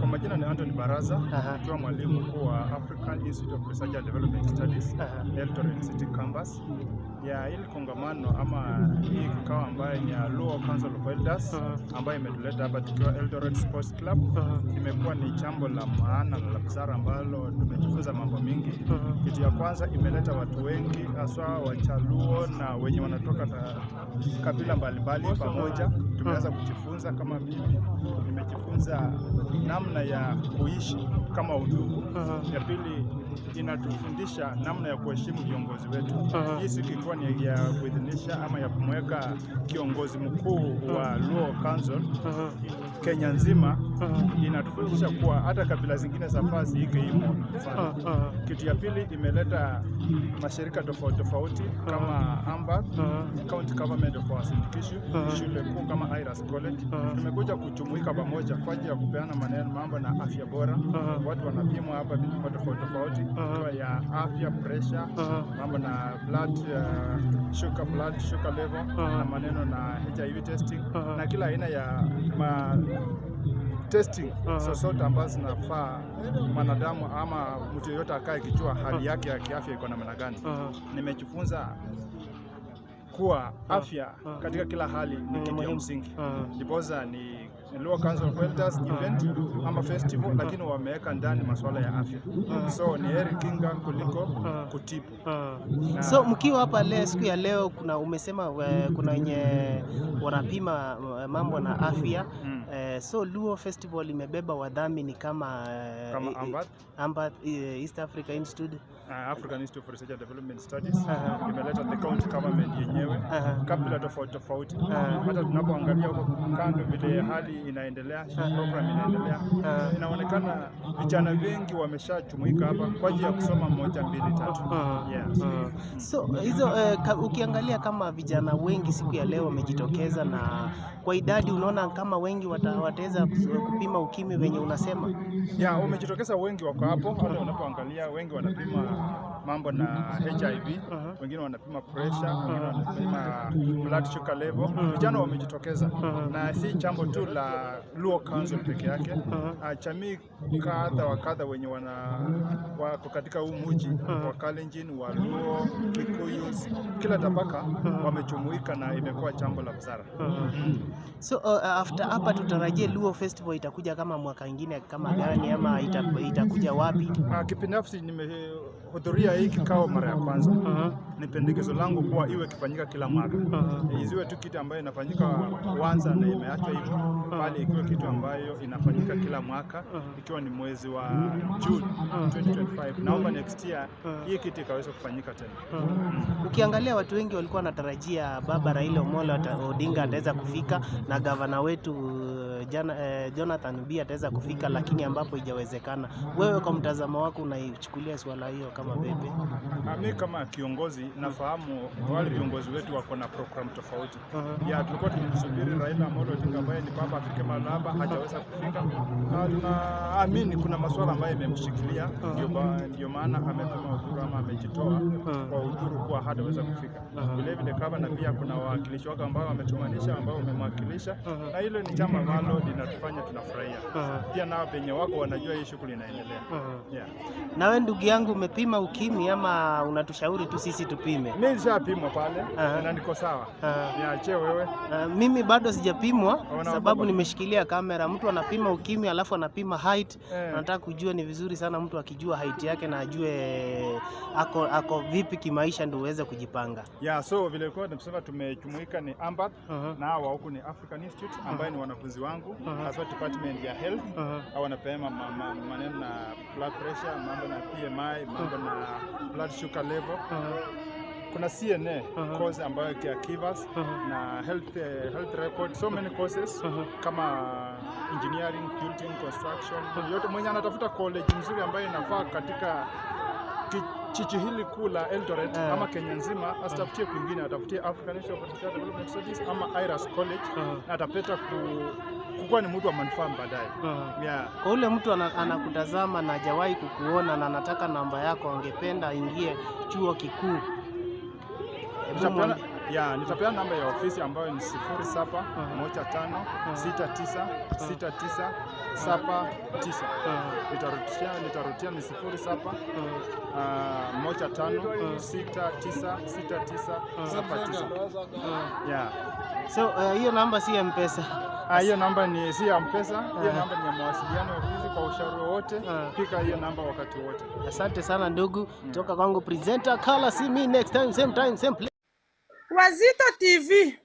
Kwa majina ni Anthony Baraza, nikiwa mwalimu mkuu wa African Institute of Research and Development Studies, Eldoret City campus. Ya hili kongamano ama hii kikao ambayo ni ya Luo Council of Elders ambayo imetuleta hapa tukiwa Eldoret Sports Club, imekuwa ni jambo la maana na la busara ambalo tumejifunza mambo mengi. Kitu ya kwanza imeleta watu wengi haswa wachaluo na wenye wanatoka kabila mbalimbali pamoja. Tumeweza kujifunza kama mimi nimejifunza na namna ya kuishi kama udugu. uh -huh. Ya pili inatufundisha namna ya kuheshimu viongozi wetu. uh -huh. Hii siku ikiwa ni ya kuidhinisha ama ya kumweka kiongozi mkuu wa uh-huh. Luo Council uh -huh. Kenya nzima uh -huh. inatufundisha kuwa hata kabila zingine za fasi iko imo uh -huh. Kitu ya pili imeleta mashirika tofauti tofauti uh -huh. kama AMBA uh -huh. County Government of Uasin Gishu uh -huh. shule kuu kama Iras College uh -huh. tumekuja kujumuika pamoja kwa ajili ya kupeana maneno mambo na afya bora uh -huh. Watu wanapimwa hapa vitu tofauti tofauti uh -huh. ya afya pressure uh -huh. mambo na blood uh, sugar blood sugar level uh -huh. na maneno na HIV testing uh -huh. na kila kila aina ya ma testing zozote ambazo zinafaa mwanadamu ama mtu yeyote akae kijua hali yake ya kiafya iko namna gani. Nimejifunza kuwa afya katika kila hali ni kitu ya msingi, ndiposa ni Luo Council of Elders event ama festival, lakini wameweka ndani masuala ya afya, so ni heri kinga kuliko kutibu. So mkiwa hapa leo, siku ya leo, kuna umesema we, eh, kuna wenye wanapima eh, mambo na afya mm. so Luo Festival imebeba wadhamini kama, kama Ambat, Ambat, East Africa Institute, uh, African Institute for Research and Development Studies imeleta the county government yenyewe wenyewe kabila tofauti tofauti. Hata tunapoangalia huko kando vile hali inaendelea, program inaendelea, inaonekana vijana wengi wameshajumuika hapa kwa ajili ya kusoma moja mbili tatu. Yes. So hizo uh, ukiangalia kama vijana wengi siku ya leo wamejitokeza, na kwa idadi unaona kama wengi wataweza kupima ukimwi venye unasema ya wamejitokeza wengi, wako hapo. Hata unapoangalia wengi wanapima mambo na HIV, wengine wanapima pressure, wengine kupima blood sugar level uh-huh. vijana wamejitokeza, uh-huh. na si jambo tu la Luo Council peke yake, uh-huh. ah, jamii kadha wa kadha wenye wana wako katika huu mji wa Kalenjin, wa Luo, Kikuyu, kila tabaka wamechumuika na imekuwa jambo la busara. So uh, after hapa tutarajie Luo Festival itakuja kama mwaka mwingine kama gani ama itakuja wapi? Ah, kibinafsi nime hudhuria hii kikao mara ya kwanza uh -huh. Ni pendekezo langu kuwa iwe ikifanyika kila mwaka uh -huh. Eh, Iziwe tu kitu ambayo inafanyika kwanza na imeachwa hivyo uh -huh. Bali ikiwe kitu ambayo inafanyika kila mwaka uh -huh. Ikiwa ni mwezi wa June uh -huh. 2025 naomba next year uh -huh. Hii kitu ikaweza kufanyika tena uh -huh. Mm. Ukiangalia watu wengi walikuwa wanatarajia baba Raila Omolo Odinga ataweza kufika na gavana wetu eh, Jana, eh, Jonathan B ataweza kufika lakini ambapo ijawezekana Wewe kwa mtazamo wako unaichukulia suala hiyo? kama vipi? Ah, mi kama kiongozi nafahamu wale viongozi wetu wako na program tofauti uh-huh. ya tulikuwa tumsubiri Raila Amolo Odinga ambaye ni baba afike hapa, hajaweza kufika. Ah, tunaamini kuna masuala ambayo imemshikilia, uh-huh. ndio maana amepema udhuru ama amejitoa uh-huh. kwa udhuru kuwa hataweza kufika. Vilevile kama na pia kuna wawakilishi wake ambao wametumanisha, ambao wamemwakilisha, na hilo ni chama ambalo linatufanya tunafurahia pia, nao penye wako wanajua hii shughuli inaendelea. Yeah. Nawe ndugu yangu umepima unapima ukimwi ama unatushauri tu sisi tupime? Mimi nishapimwa pale na niko sawa. Niachie wewe. Mimi bado sijapimwa sababu nimeshikilia kamera. Mtu anapima ukimwi alafu anapima height. Eh. Nataka kujua, ni vizuri sana mtu akijua height yake na ajue eh, ako, ako vipi kimaisha ndio uweze kujipanga. Yeah, so vile kwa tumesema tumejumuika ni Ambath na hawa huko ni African Institute ambayo ni wanafunzi wangu hasa department ya health. Hawa wanapeana maneno na blood pressure, mambo na PMI, mambo na blood sugar level uh -huh kuna CNA uh -huh. ambayo ya Kivas uh -huh. na health, uh, health record so many courses uh -huh. kama engineering, building, construction uh -huh. yote. Mwenye anatafuta college nzuri ambayo inafaa katika chichi hili kuu la Eldoret uh -huh. ama Kenya nzima, asitafutie uh -huh. kwingine, atafutie African Institute of Development Studies ama IRAS College uh -huh. na atapata ku kukuwa ni mtu wa manufaa baadaye. mm. Ah. yeah. Kwa ule mtu anakutazama na hajawahi kukuona na anataka namba yako, angependa aingie chuo kikuu, nitapeana namba ya ofisi ambayo ni sifuri saba ah. moja tano sita tisa sita tisa ah. saba tisa. Nitarutia, nitarutia ni sifuri saba moja tano sita tisa sita tisa saba tisa. So eh, hiyo namba si ya Mpesa. Ah, hiyo namba ni si ya Mpesa, hiyo eh. namba ni ya mawasiliano ya ofisi. Kwa ushauri wote eh. pika hiyo namba wakati wote. Asante sana ndugu mm. toka kwangu presenter Kala, see me next time same time same place. Wazito TV.